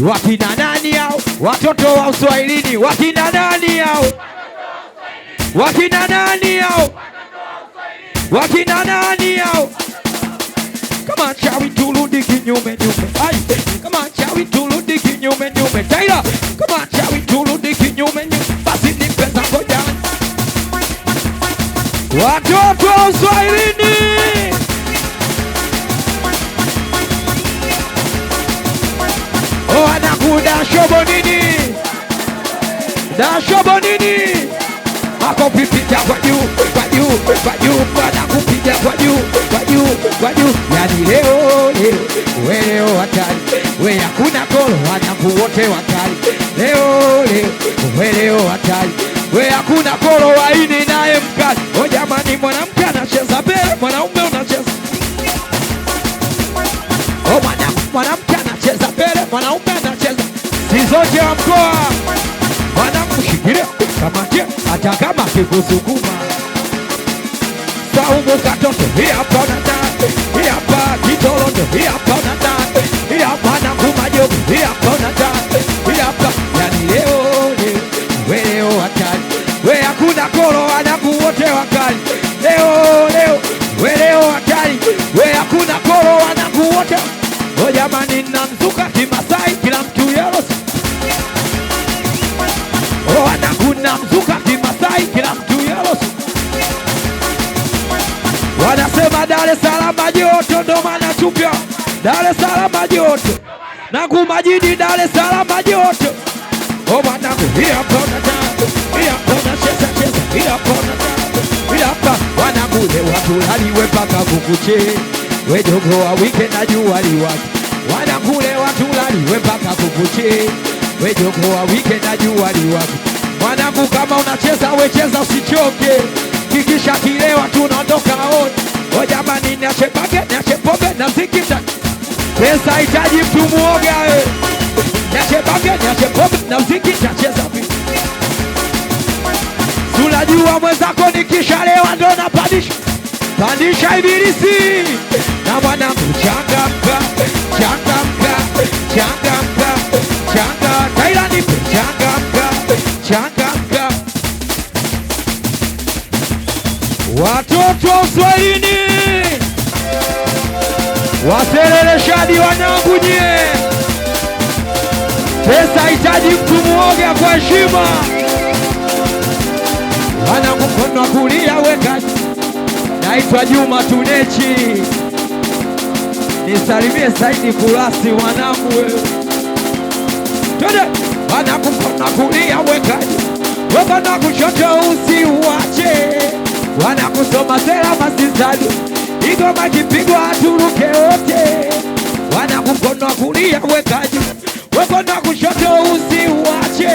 wakina nani hao? Watoto wa uswahilini wakina nani hao? Wakina nani hao? Wakina nani hao? Kama chawi turudi kinyume nyume, ai, kama chawi turudi kinyume nyume, Taila, kama chawi turudi kinyume nyume, basi ni pesa kojani, watoto wa uswahilini yangu Dashobo nini? Dashobo nini? Ako pipiga kwa juu, kwa juu, kwa juu, bwana kupiga kwa juu, kwa juu, kwa juu. Yani leo leo, we hatari, we hakuna kolo, wanangu wote wakali. Leo leo, we hatari, we hakuna kolo, waini naye mkali. O oh, jamani, mwanamke anacheza mbele, mwanaume que fosse o Só o meu cartão sorria pra nadar wanasema Dar es Salaam joto, ndo maana chupya Dar es Salaam joto na kumajini Dar es Salaam joto wanagule watulaliwe mpaka kukuche wejogo wa wike na jua liwaki wanagule watulaliwe mpaka kukuche wejogo wa wike na jua liwaki mwanangu kama unacheza wecheza usichoke Hakikisha kilewa tunaondoka on. Wajamani, oh, niache bange, niache pesa haitaji mtu muoga we. Niache bange, niache pombe Tunajua mwenzako nikishalewa ndo napandisha pandisha ibilisi na mwanangu, changamka changamka changamka kwa Uswahilini, waseleleshadi wanangu nyie, pesa itaji mtu muoga kwa heshima. Wanangu mkono wa kulia weka, naitwa Juma Tunechi, nisalimie Saidi Kurasi mwanangu wewe, twende. Wanangu mkono kulia weka, mkono kushoto usiuache kusoma tela masizali igoma kipigwa aturuke wote, wana kukono kulia wekaji wekono kushoto usiwache,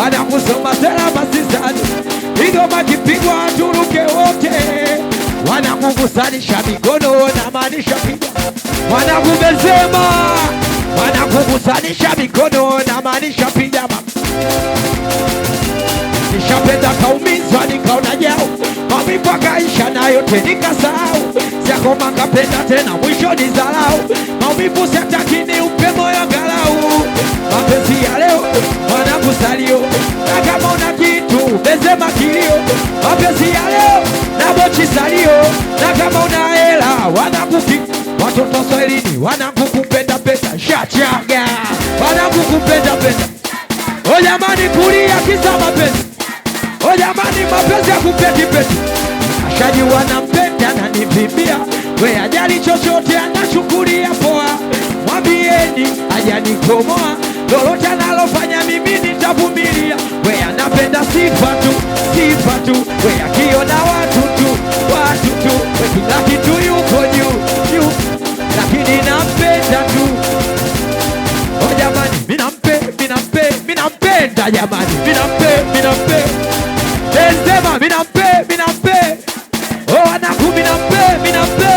wana kusoma tela masizali igoma kipigwa aturuke wote, wana kukusanisha mikono wanamaanisha piga, wana kumezema wana kukusanisha mikono wanamaanisha piga, nishapenda kaumizwa nikaona jao nilipogaisha nayo tenika nikasahau, siakoma kapenda tena, mwisho ni dharau, maumivu siatakini upe moyo galau, mapenzi ya leo wanakusalio, na kama una kitu bezema kilio, mapenzi ya leo na salio, na kama una hela wanakuki watoto swahilini wanakukupenda pesa shachaga, wanakukupenda pesa, o oh, jamani, kulia kisa mapenzi Oh jamani, mapenzi ya kupeti peti, Ashaji na ananipimbia, we ajali chochote anashukuria poa, mwambieni ajanikomoa lolote analofanya mimi nitavumilia, we anapenda sifa tu, sifa tu, we akiona watu tu, watu tu, we kila kitu yuko juu juu, lakini nampenda tu. Oh jamani, minampe minampe minampenda jamani, minampe Sema minampe minampe, oh, anaku minampe minampe,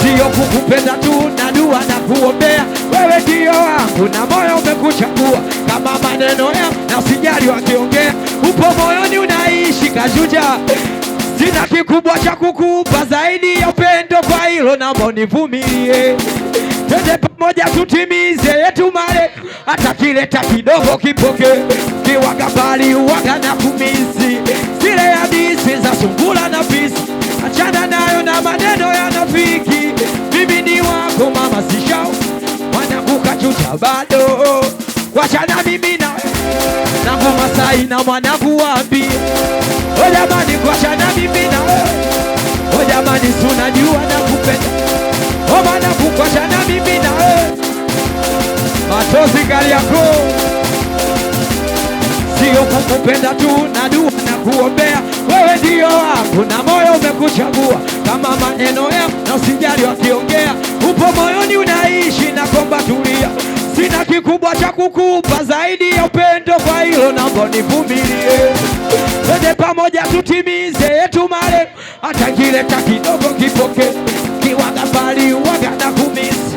sio kukupenda tu, najua na kuombea wewe, ndio wangu na moyo umekuchagua, kama maneno ya na sijali wakiongea, upo moyoni unaishi kashuja Sina kikubwa cha kukupa zaidi ya upendo, kwa hilo naomba univumilie tete pamoja tutimize yetu malengo, hata kileta kidogo kipoke, kiwaga bali uwaga na kumizi, zile hadithi za sungula na fisi, achana nayo na maneno ya nafiki. Mimi ni wako mama, sishao mwanangu, kachucha bado, wachana mimi na nangu Masai na mwanangu wambi, ojamani, oh, kuachana mimi na ojamani, oh, sunajua na kupenda omana kupashana mimi nawe matozi gari yako sio kukupenda tu na dua na kuombea wewe ndio wangu na moyo umekuchagua kama maneno ya na usijali wakiongea upo moyoni unaishi na komba tulia sina kikubwa cha kukupa zaidi ya upendo kwa hilo naomba nivumilie twende pamoja tutimize yetu male hata kile kidogo kipokee mbali wagana kumisi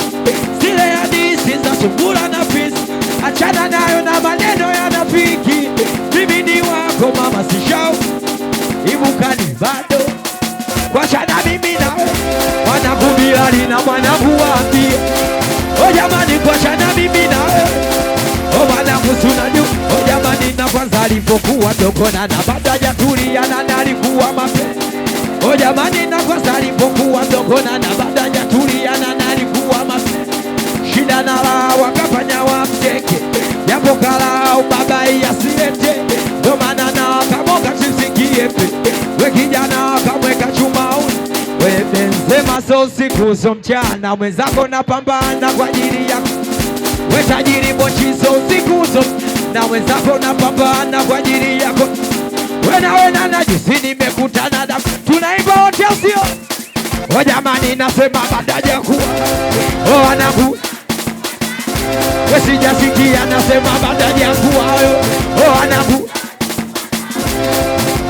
zile hadithi za sungura na fisi, achana nayo na maneno ya nafiki. Mimi ni wako mama, sishau ibukani bado kwashana mimi nawe wanakubilali na mwanangu wapi o jamani, kwashana mimi nawe o wanakusunaju o jamani, na kwanza alipokuwa dogona na bado hajatulia na alikuwa mape o jamani, na kwanza alipokuwa dogona na leo siku zo mchana mwenzako napambana kwa ajili yako, we tajiri Moshi. Hizo usiku zo na mwenzako napambana kwa ajili yako, we nawe na najusi, nimekutana na tunaimba wote, sio o oh, jamani, nasema badaja kuwa o oh, wanangu, we sijasikia, nasema badaja kuwa o oh, wanangu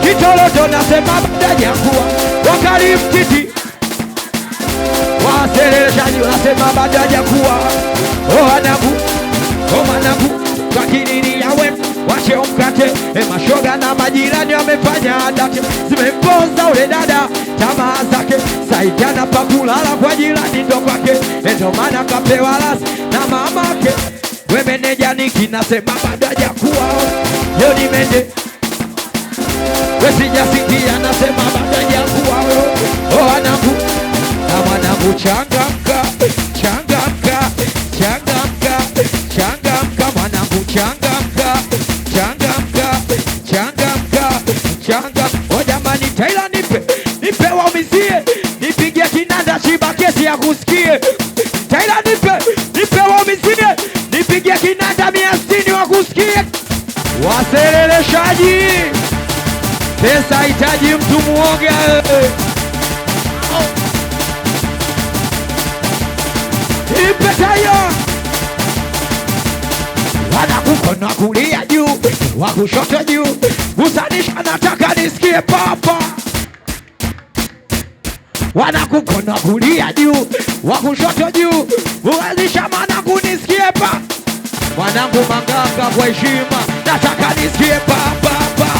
kitoroto, nasema ya kuwa wakali mtiti sema bado hajakuwa ohanabu omanabu lakini ya wetu wache mkate e mashoga na majirani wamefanya adake zimemponza ule dada tamaa zake saidiana kulala kwa jirani ndo kwake e, ndo maana kapewa lasi na mamake we meneja niki nikinasema bado hajakuwa yo ni mende we sijasikia nasema bado hajakuwa ohanabu na mwanangu changamka, changamka, changamka, mwanangu changamka, changamka, changamka, changamka. O oh, jamani, Taila nipe, nipe waumizie, nipigie kinanda shiba kesi ya kusikie. Taila nipe, nipe waumizie, nipigie kinanda mia sitini wa kusikie. Waseleleshaji, pesa hitaji mtu muoga pesa hiyo, wanakukona kulia juu, wakushoto juu, gusanisha, nataka nisikie papa. Wanakukona kulia juu, wakushoto juu, gusanisha, maana kunisikie pa mwanangu, Mangaka, kwa heshima, nataka nisikie papa, papa.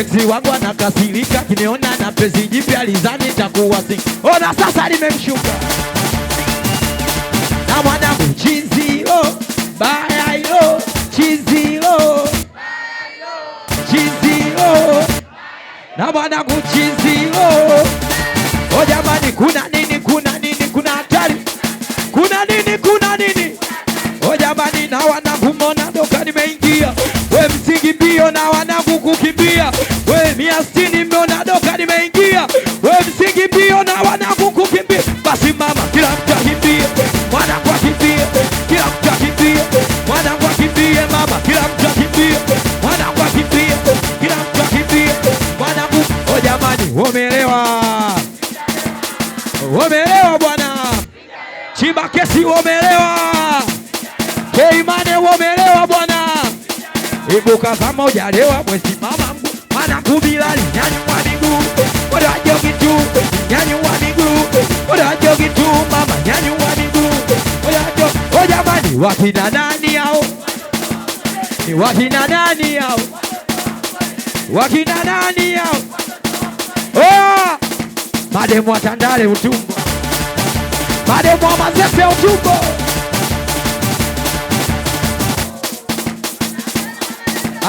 Eksi wangu anakasirika kiniona na pezi jipya lizani takuwa sing. Ona sasa limemshuka na mwanangu chizi oh, baya yo oh, chizi oh, chizi oh, na mwanangu chizi oh, oh jamani kuna ni kimbio na wanangu kukimbia, we mia sitini mmeona dogo Toka pamoja leo mwezi mama Mana kubila linyani wa miguu Wada jogi tu Nyani wa miguu Wada jogi tu mama nyani wa miguu Wada jogi O oh jamani wakina nani yao Ni wakina nani yao Wakina nani yao Oh Mademu wa Tandale utumbo Mademu wa Mazepe utumbo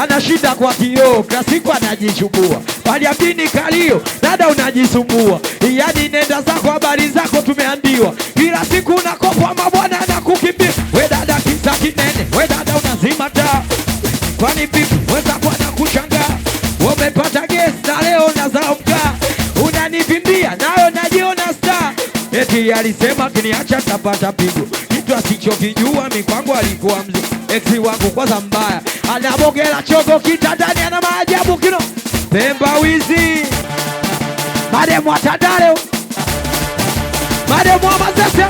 ana shida kwa kioo, Klasiko anajichubua, bali Abdini kalio dada unajisumbua, yani nenda zako, habari zako tumeambiwa, kila siku unakopa mabwana anakukimbia. We dada kisa kinene, we dada unazima taa, kwani vipi weza kwana kushangaa, wamepata gesi na leo nazaa mkaa, unanivimbia nayo najiona star, eti alisema kiniacha tapata pigo kitu asichokijua, Mikwango alikuwa mzi eksi wangu kwanza mbaya, anabogela choko kitandani, ana maajabu kino. Pemba wizi mademu atandale, mademu wa mazese.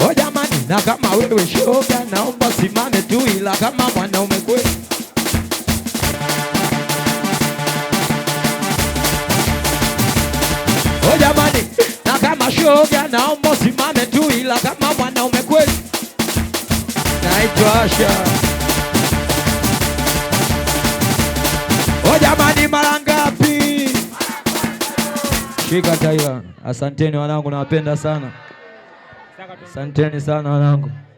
O oh, jamani, na kama wewe shoga, naomba simame tu, ila kama mwanaume kweli O oh, jamani mashoga, naomba simame tu, ila kama mwanaume kweli. Naitwa Asha. O oh, jamani, mara ngapi? Shika Taiwan. Asanteni wanangu, nawapenda sana. Asanteni sana wanangu.